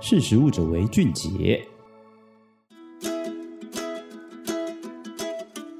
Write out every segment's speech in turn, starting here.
識食物者為俊傑。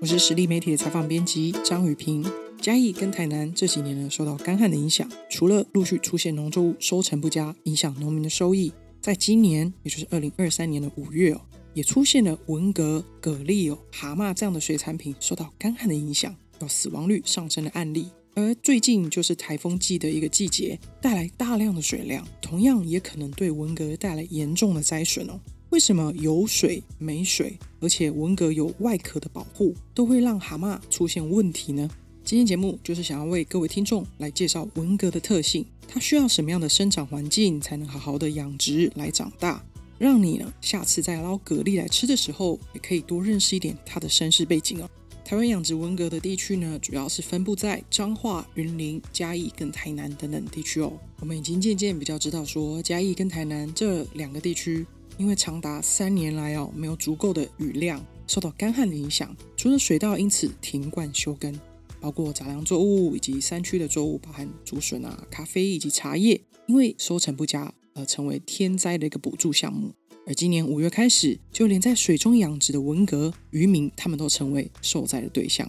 我是食力媒體的採訪編輯張語屏。嘉義跟台南這幾年呢，受到乾旱的影響，除了陸續出現農作物收成不佳，影響農民的收益，在今年，也就是二零二三年的五月哦，也出現了文蛤、蛤蜊、蛤蟆這樣的水產品受到乾旱的影響，到死亡率上升的案例。而最近就是颱風季的一個季節，帶來大量的水量，同樣也可能對文蛤帶來嚴重的災損哦。為什麼有水沒水，而且文蛤有外殼的保護，都會讓蛤蟆出現問題呢？今天節目就是想要為各位聽眾來介紹文蛤的特性，它需要什麼樣的生長環境才能好好的養殖來長大，讓你呢下次再撈蛤蜊來吃的時候，也可以多認識一點它的身世背景哦。台灣養殖文蛤的地區呢，主要是分布在彰化、雲林、嘉義跟台南等等地區哦。我們已經漸漸比較知道說，說嘉義跟台南這兩個地區，因為長達三年來哦，沒有足夠的雨量，受到乾旱的影響。除了水稻因此停灌休耕，包括雜糧作物以及山區的作物，包含竹筍啊、咖啡以及茶葉，因為收成不佳，而、呃、成為天災的一個補助項目。而今年五月開始，就連在水中養殖的文蛤，漁民他們都成為受災的對象。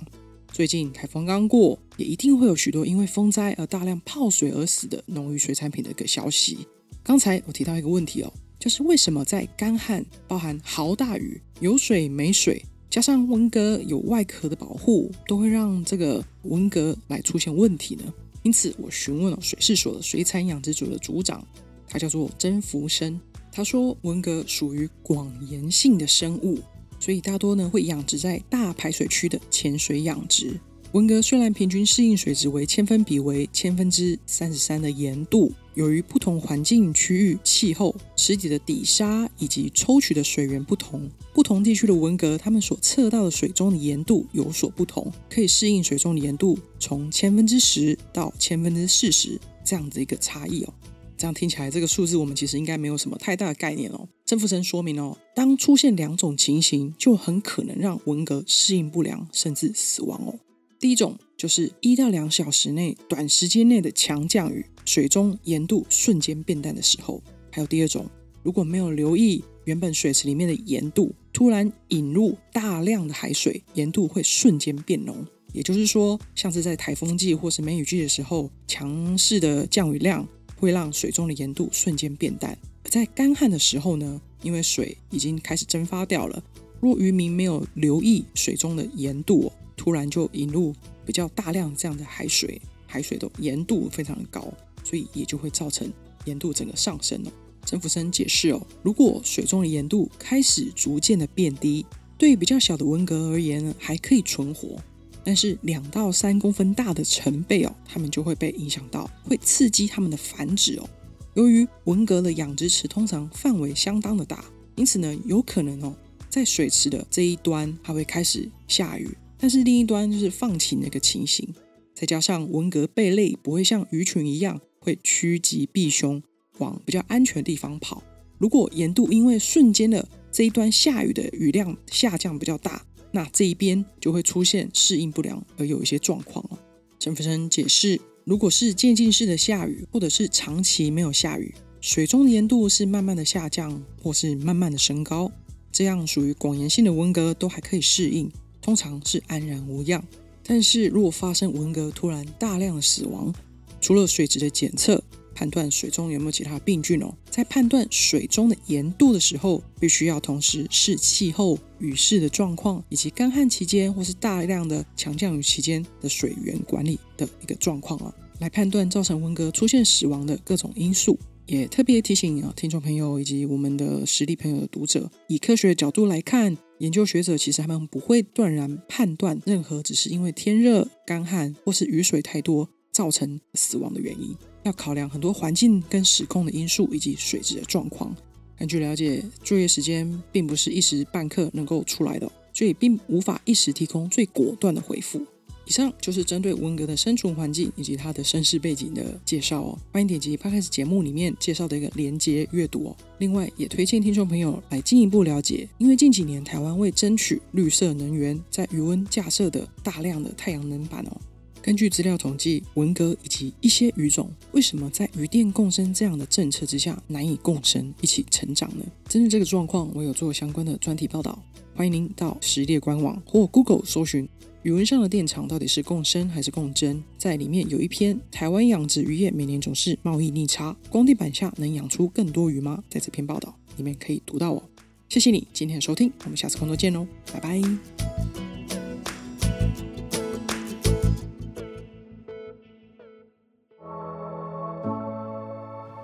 最近颱風剛過，也一定會有許多因為風災而大量泡水而死的農漁水產品的一個消息。剛才我提到一個問題哦，就是為什麼在乾旱、包含豪大雨、有水沒水，加上文蛤有外殼的保護，都會讓這個文蛤來出現問題呢？因此我詢、哦，我詢問了水試所的水產養殖組的組長，他叫做曾福生。他說，文蛤屬於廣鹽性的生物，所以大多呢會養殖在大排水區的淺水養殖。文蛤雖然平均適應水質為千分比為千分之三十三的鹽度，由於不同環境區域、氣候、池底的底沙以及抽取的水源不同，不同地區的文蛤他們所測到的水中的鹽度有所不同，可以適應水中的鹽度從千分之十到千分之四十這樣子一個差異哦。這樣聽起來，這個數字我們其實應該沒有什麼太大的概念哦。鄭富生說明哦，當出現兩種情形，就很可能讓文蛤適應不良，甚至死亡哦。第一種就是一到兩小時內短時間內的強降雨，水中鹽度瞬間變淡的時候；還有第二種，如果沒有留意原本水池裡面的鹽度，突然引入大量的海水，鹽度會瞬間變濃。也就是說，像是在颱風季或是梅雨季的時候，強勢的降雨量。會讓水中的鹽度瞬間變淡。而在乾旱的時候呢，因為水已經開始蒸發掉了。若漁民沒有留意水中的鹽度，突然就引入比較大量這樣的海水，海水的鹽度非常的高，所以也就會造成鹽度整個上升了。鄭福生解釋哦，如果水中的鹽度開始逐漸的變低，對於比較小的文蛤而言，還可以存活。但是兩到三公分大的成貝，哦，它們就會被影響到，會刺激它們的繁殖哦。由於文蛤的養殖池通常範圍相當的大，因此呢，有可能哦，在水池的這一端它會開始下雨，但是另一端就是放晴那個情形。再加上文蛤貝類不會像魚群一樣會趨吉避凶往比較安全的地方跑，如果鹽度因為瞬間的這一端下雨的雨量下降比較大。那這一邊就會出現適應不良而有一些狀況了。陳福生解釋，如果是漸進式的下雨，或者是長期沒有下雨，水中的鹽度是慢慢的下降或是慢慢的升高，這樣屬於廣鹽性的文蛤都還可以適應，通常是安然無恙。但是如果發生文蛤突然大量的死亡，除了水質的檢測。判斷水中有沒有其他的病菌哦，在判斷水中的鹽度的時候，必須要同時視氣候、雨勢的狀況，以及乾旱期間或是大量的強降雨期間的水源管理的一個狀況啊，來判斷造成文蛤出現死亡的各種因素。也特別提醒啊，聽眾朋友以及我們的食力朋友的讀者，以科學的角度來看，研究學者其實他們不會斷然判斷任何只是因為天熱、乾旱或是雨水太多造成死亡的原因。要考量很多環境跟時空的因素，以及水質的狀況。根據了解，作業時間並不是一時半刻能夠出來的，所以並無法一時提供最果斷的回復。以上就是針對文蛤的生存環境以及它的身世背景的介紹哦。歡迎點擊 Podcast 節目裡面介紹的一個連接閱讀哦。另外，也推薦聽眾朋友來進一步了解，因為近幾年台灣為爭取綠色能源，在魚塭架設的大量的太陽能板哦。根據資料統計，文蛤以及一些魚種，為什麼在漁電共生這樣的政策之下難以共生一起成長呢？針對這個狀況，我有做相關的專題報道，歡迎您到食力官網或 Google 搜尋“魚塭上的電廠到底是共生還是共爭”。在裡面有一篇台灣養殖漁業每年總是貿易逆差，光電板下能養出更多魚嗎？在這篇報道裡面可以讀到哦。謝謝你今天的收聽，我們下次工作見哦，拜拜。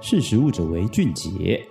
識時務者為俊傑。